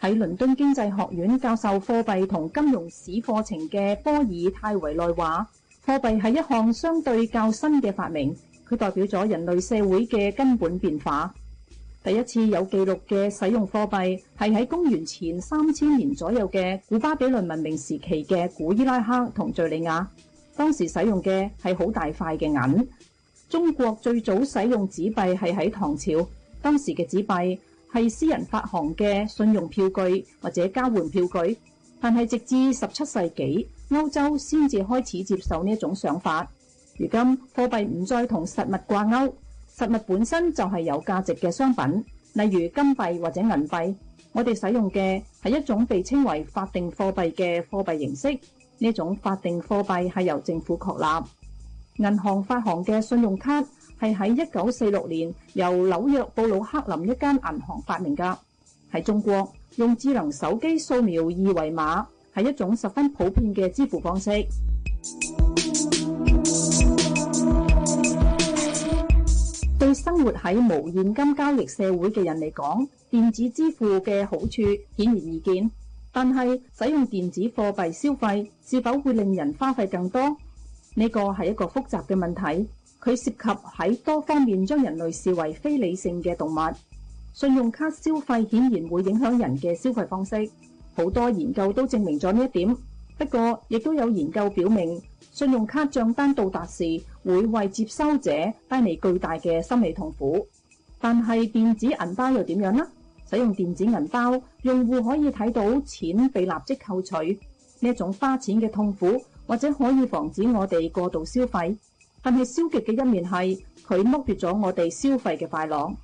喺倫敦經濟學院教授貨幣同金融史課程嘅波爾泰維內話：貨幣係一項相對較新嘅發明，佢代表咗人類社會嘅根本變化。第一次有記錄嘅使用貨幣係喺公元前三千年左右嘅古巴比倫文明時期嘅古伊拉克同敘利亞，當時使用嘅係好大塊嘅銀。中國最早使用紙幣係喺唐朝，當時嘅紙幣。係私人發行嘅信用票據或者交換票據，但係直至十七世紀歐洲先至開始接受呢種想法。如今貨幣唔再同實物掛鈎，實物本身就係有價值嘅商品，例如金幣或者銀幣。我哋使用嘅係一種被稱為法定貨幣嘅貨幣形式，呢種法定貨幣係由政府確立。銀行發行嘅信用卡。係喺一九四六年由紐約布魯克林一間銀行發明噶，喺中國用智能手機掃描二維碼，係一種十分普遍嘅支付方式。對生活喺無現金交易社會嘅人嚟講，電子支付嘅好處顯而易見。但係使用電子貨幣消費是否會令人花費更多？呢個係一個複雜嘅問題。佢涉及喺多方面將人類視為非理性嘅動物。信用卡消費顯然會影響人嘅消費方式，好多研究都證明咗呢一點。不過，亦都有研究表明，信用卡賬單到達時會為接收者帶嚟巨大嘅心理痛苦。但係電子銀包又點樣呢？使用電子銀包，用戶可以睇到錢被立即扣取，呢一種花錢嘅痛苦，或者可以防止我哋過度消費。但係消極嘅一面係佢剝奪咗我哋消費嘅快樂，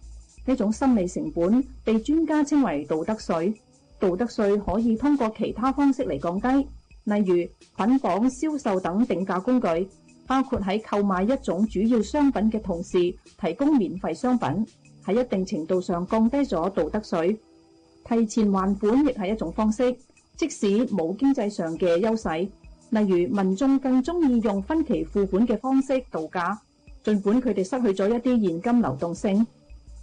呢種心理成本，被專家稱為道德稅。道德稅可以通過其他方式嚟降低，例如捆綁銷售等定價工具，包括喺購買一種主要商品嘅同時提供免費商品，喺一定程度上降低咗道德稅。提前還款亦係一種方式，即使冇經濟上嘅優勢。例如，民眾更中意用分期付款嘅方式度假，儘管佢哋失去咗一啲現金流動性。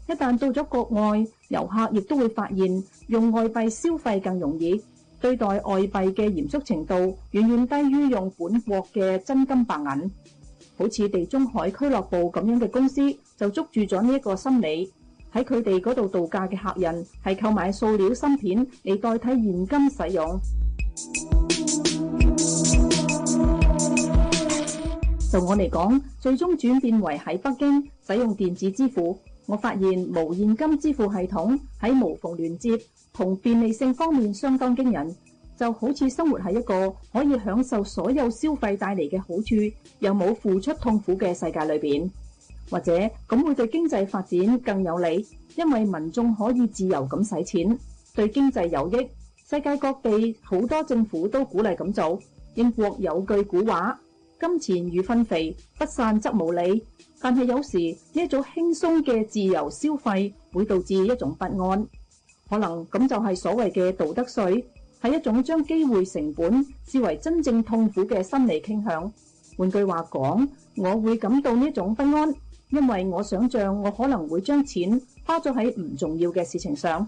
一旦到咗國外，遊客亦都會發現用外幣消費更容易。對待外幣嘅嚴肅程度，遠遠低於用本國嘅真金白銀。好似地中海俱樂部咁樣嘅公司，就捉住咗呢一個心理，喺佢哋嗰度度假嘅客人係購買塑料芯片嚟代替現金使用。就我嚟講，最終轉變為喺北京使用電子支付，我發現無現金支付系統喺無縫連接同便利性方面相當驚人，就好似生活喺一個可以享受所有消費帶嚟嘅好處，又冇付出痛苦嘅世界裏邊。或者咁會對經濟發展更有利，因為民眾可以自由咁使錢，對經濟有益。世界各地好多政府都鼓勵咁做。英國有句古話。金錢與分肥不散則無理，但係有時呢一種輕鬆嘅自由消費會導致一種不安。可能咁就係所謂嘅道德稅，係一種將機會成本視為真正痛苦嘅心理傾向。換句話講，我會感到呢種不安，因為我想象我可能會將錢花咗喺唔重要嘅事情上。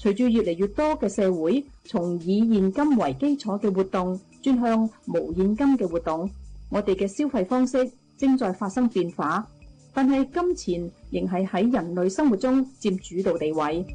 隨住越嚟越多嘅社會從以現金為基礎嘅活動轉向無現金嘅活動。我哋嘅消費方式正在發生變化，但係金錢仍係喺人類生活中佔主導地位。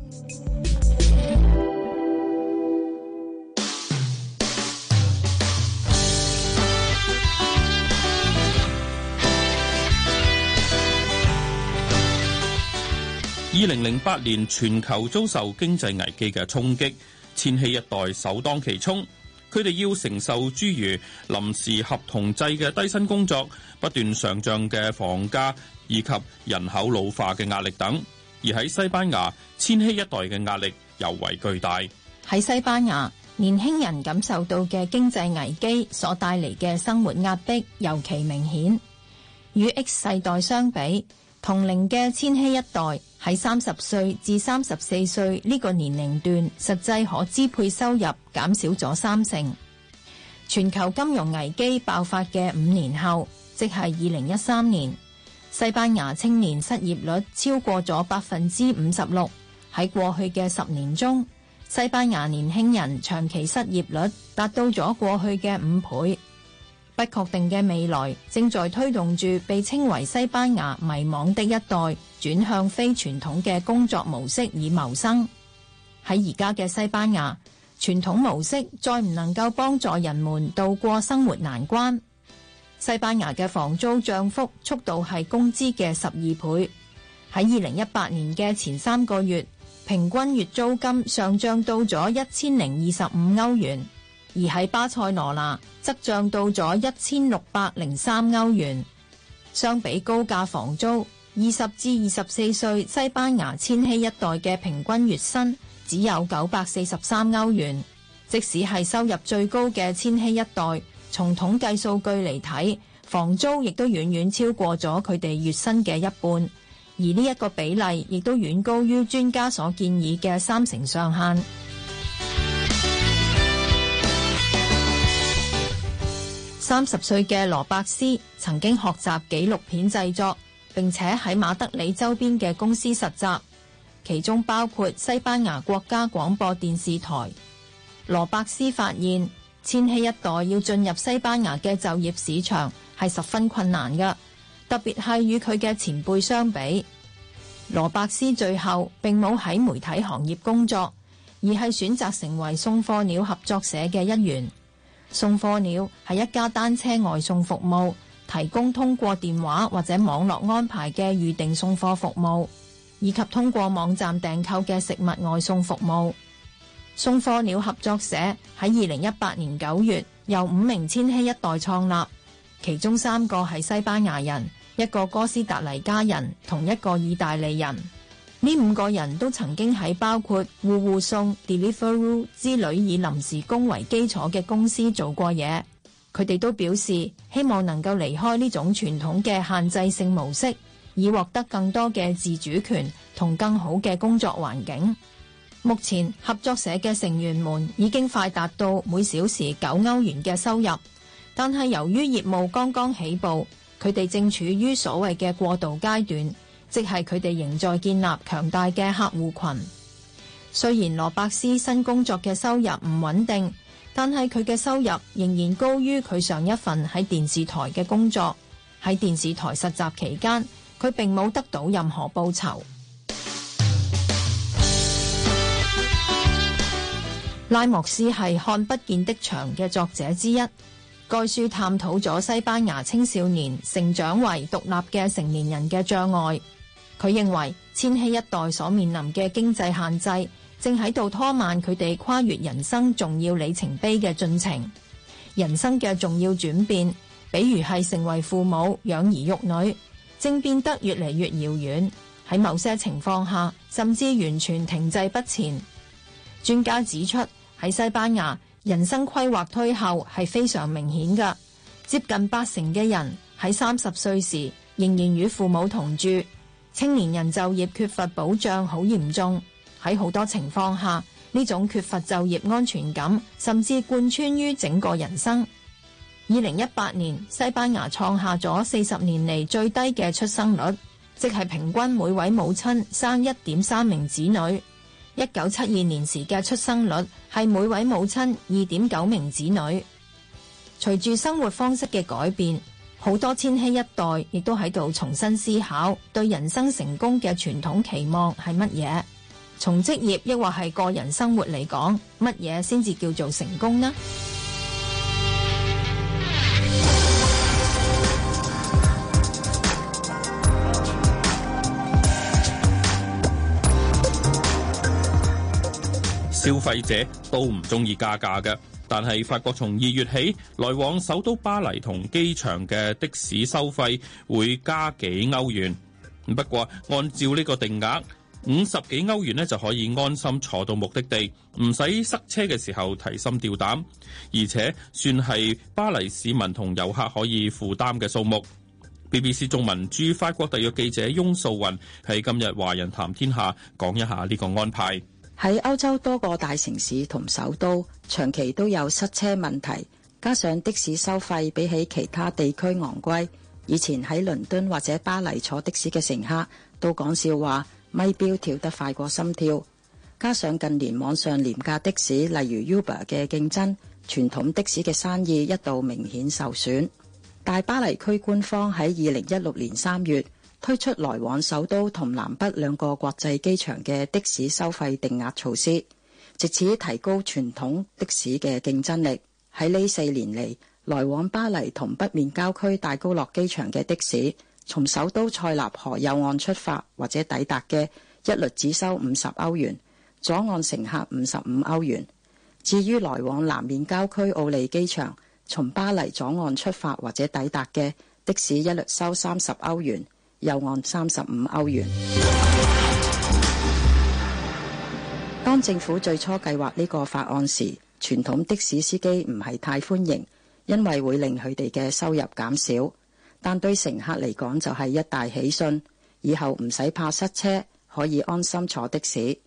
二零零八年全球遭受經濟危機嘅衝擊，千禧一代首當其衝。佢哋要承受諸如臨時合同制嘅低薪工作、不斷上漲嘅房價以及人口老化嘅壓力等，而喺西班牙，千禧一代嘅壓力尤為巨大。喺西班牙，年輕人感受到嘅經濟危機所帶嚟嘅生活壓迫尤其明顯，與 X 世代相比。同齡嘅千禧一代喺三十歲至三十四歲呢個年齡段，實際可支配收入減少咗三成。全球金融危機爆發嘅五年後，即係二零一三年，西班牙青年失業率超過咗百分之五十六。喺過去嘅十年中，西班牙年輕人長期失業率達到咗過去嘅五倍。不確定嘅未來正在推動住被稱為西班牙迷惘的一代轉向非傳統嘅工作模式以謀生。喺而家嘅西班牙，傳統模式再唔能夠幫助人們度過生活難關。西班牙嘅房租漲幅速度係工資嘅十二倍。喺二零一八年嘅前三個月，平均月租金上漲到咗一千零二十五歐元。而喺巴塞羅那則漲到咗一千六百零三歐元，相比高價房租，二十至二十四歲西班牙千禧一代嘅平均月薪只有九百四十三歐元。即使係收入最高嘅千禧一代，從統計數據嚟睇，房租亦都遠遠超過咗佢哋月薪嘅一半，而呢一個比例亦都遠高於專家所建議嘅三成上限。三十歲嘅羅伯斯曾經學習紀錄片製作，並且喺馬德里周邊嘅公司實習，其中包括西班牙國家廣播電視台。羅伯斯發現千禧一代要進入西班牙嘅就業市場係十分困難嘅，特別係與佢嘅前輩相比。羅伯斯最後並冇喺媒體行業工作，而係選擇成為送貨鳥合作社嘅一員。送貨鳥係一家單車外送服務，提供通過電話或者網絡安排嘅預訂送貨服務，以及通過網站訂購嘅食物外送服務。送貨鳥合作社喺二零一八年九月由五名千禧一代創立，其中三個係西班牙人，一個哥斯達黎加人，同一個意大利人。呢五個人都曾經喺包括戶戶送、Deliveroo 之類以臨時工為基礎嘅公司做過嘢，佢哋都表示希望能夠離開呢種傳統嘅限制性模式，以獲得更多嘅自主權同更好嘅工作環境。目前合作社嘅成員們已經快達到每小時九歐元嘅收入，但係由於業務剛剛起步，佢哋正處於所謂嘅過渡階段。即係佢哋仍在建立強大嘅客戶群。雖然羅伯斯新工作嘅收入唔穩定，但係佢嘅收入仍然高於佢上一份喺電視台嘅工作。喺電視台實習期間，佢並冇得到任何報酬。拉莫斯係《看不見的牆》嘅作者之一，該書探討咗西班牙青少年成長為獨立嘅成年人嘅障礙。佢認為，千禧一代所面臨嘅經濟限制，正喺度拖慢佢哋跨越人生重要里程碑嘅進程。人生嘅重要轉變，比如係成為父母、養兒育女，正變得越嚟越遙遠，喺某些情況下，甚至完全停滯不前。專家指出，喺西班牙，人生規劃推後係非常明顯㗎，接近八成嘅人喺三十歲時仍然與父母同住。青年人就業缺乏保障好嚴重，喺好多情況下，呢種缺乏就業安全感，甚至貫穿於整個人生。二零一八年，西班牙創下咗四十年嚟最低嘅出生率，即係平均每位母親生一點三名子女。一九七二年時嘅出生率係每位母親二點九名子女。隨住生活方式嘅改變，好多千禧一代亦都喺度重新思考對人生成功嘅傳統期望係乜嘢？從職業抑或係個人生活嚟講，乜嘢先至叫做成功呢？消費者都唔中意加價嘅。但係法國從二月起，來往首都巴黎同機場嘅的，的士收費會加幾歐元。不過按照呢個定額，五十幾歐元呢就可以安心坐到目的地，唔使塞車嘅時候提心吊膽，而且算係巴黎市民同遊客可以負擔嘅數目。BBC 中文駐法國特約記者翁素雲喺今日華人談天下講一下呢個安排。喺歐洲多個大城市同首都，長期都有塞車問題，加上的士收費比起其他地區昂貴。以前喺倫敦或者巴黎坐的士嘅乘客都講笑話，咪錶跳得快過心跳。加上近年網上廉價的士，例如 Uber 嘅競爭，傳統的士嘅生意一度明顯受損。大巴黎區官方喺二零一六年三月，推出來往首都同南北兩個國際機場嘅的，的士收費定額措施，借此提高傳統的士嘅競爭力。喺呢四年嚟，來往巴黎同北面郊區戴高樂機場嘅的，的士，從首都塞納河右岸出發或者抵達嘅，一律只收五十歐元；左岸乘客五十五歐元。至於來往南面郊區奧利機場，從巴黎左岸出發或者抵達嘅的，的士，一律收三十歐元。右岸三十五歐元。當政府最初計劃呢個法案時，傳統的士司機唔係太歡迎，因為會令佢哋嘅收入減少。但對乘客嚟講就係一大喜訊，以後唔使怕塞車，可以安心坐的士。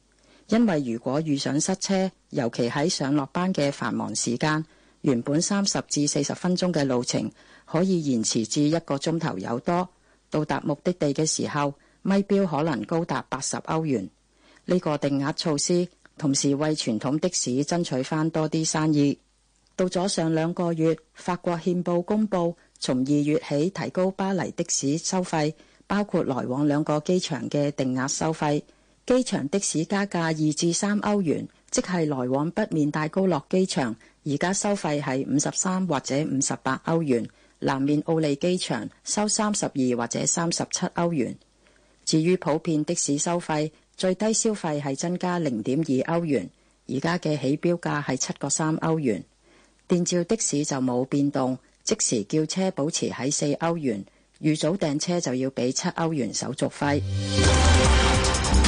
因為如果遇上塞車，尤其喺上落班嘅繁忙時間，原本三十至四十分鐘嘅路程可以延遲至一個鐘頭有多。到達目的地嘅時候，咪標可能高達八十歐元。呢個定額措施同時為傳統的士爭取翻多啲生意。到咗上兩個月，法國憲報公布，從二月起提高巴黎的士收費，包括來往兩個機場嘅定額收費。機場的士加價二至三歐元，即係來往北面戴高樂機場，而家收費係五十三或者五十八歐元。南面奧利機場收三十二或者三十七歐元。至於普遍的士收費，最低消費係增加零點二歐元，而家嘅起標價係七個三歐元。電召的士就冇變動，即時叫車保持喺四歐元，預早訂車就要俾七歐元手續費。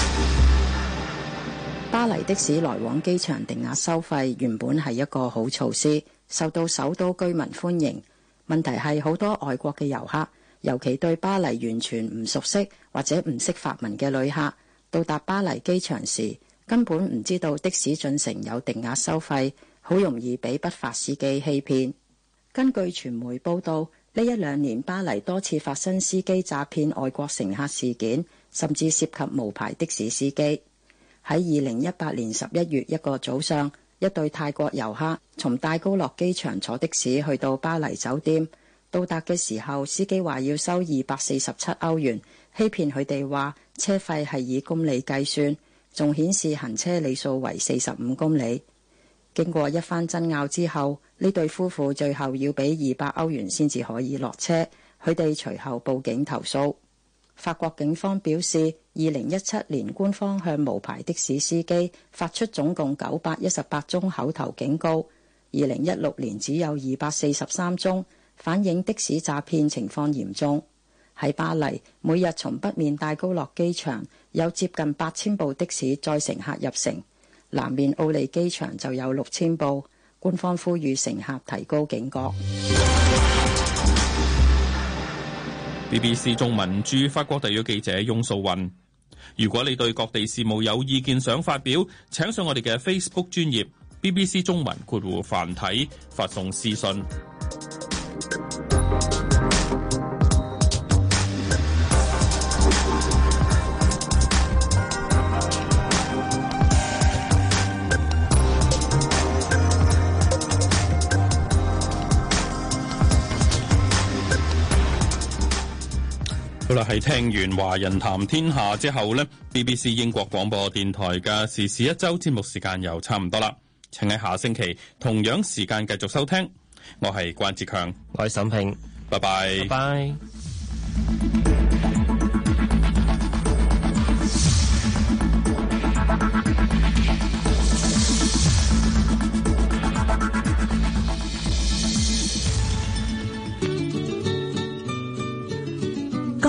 巴黎的士來往機場定額收費原本係一個好措施，受到首都居民歡迎。問題係好多外國嘅遊客，尤其對巴黎完全唔熟悉或者唔識法文嘅旅客，到達巴黎機場時根本唔知道的士進城有定額收費，好容易畀不法司機欺騙。根據傳媒報道，呢一兩年巴黎多次發生司機詐騙外國乘客事件，甚至涉及無牌的士司機。喺二零一八年十一月一個早上，一對泰國遊客從戴高樂機場坐的士去到巴黎酒店，到達嘅時候，司機話要收二百四十七歐元，欺騙佢哋話車費係以公里計算，仲顯示行車里數為四十五公里。經過一番爭拗之後，呢對夫婦最後要俾二百歐元先至可以落車，佢哋隨後報警投訴。法國警方表示，二零一七年官方向無牌的士司機發出總共九百一十八宗口頭警告，二零一六年只有二百四十三宗，反映的士詐騙情況嚴重。喺巴黎，每日從北面戴高樂機場有接近八千部的士載乘客入城，南面奧利機場就有六千部。官方呼籲乘客提高警覺。BBC 中文駐法國地要記者翁素雲，如果你對各地事務有意見想發表，請上我哋嘅 Facebook 專頁 BBC 中文括弧繁體發送私信。好啦，喺聽完華人談天下之後呢，BBC 英國廣播電台嘅時事一周節目時間又差唔多啦，請喺下星期同樣時間繼續收聽。我係關智強，我係沈平，拜拜，拜拜。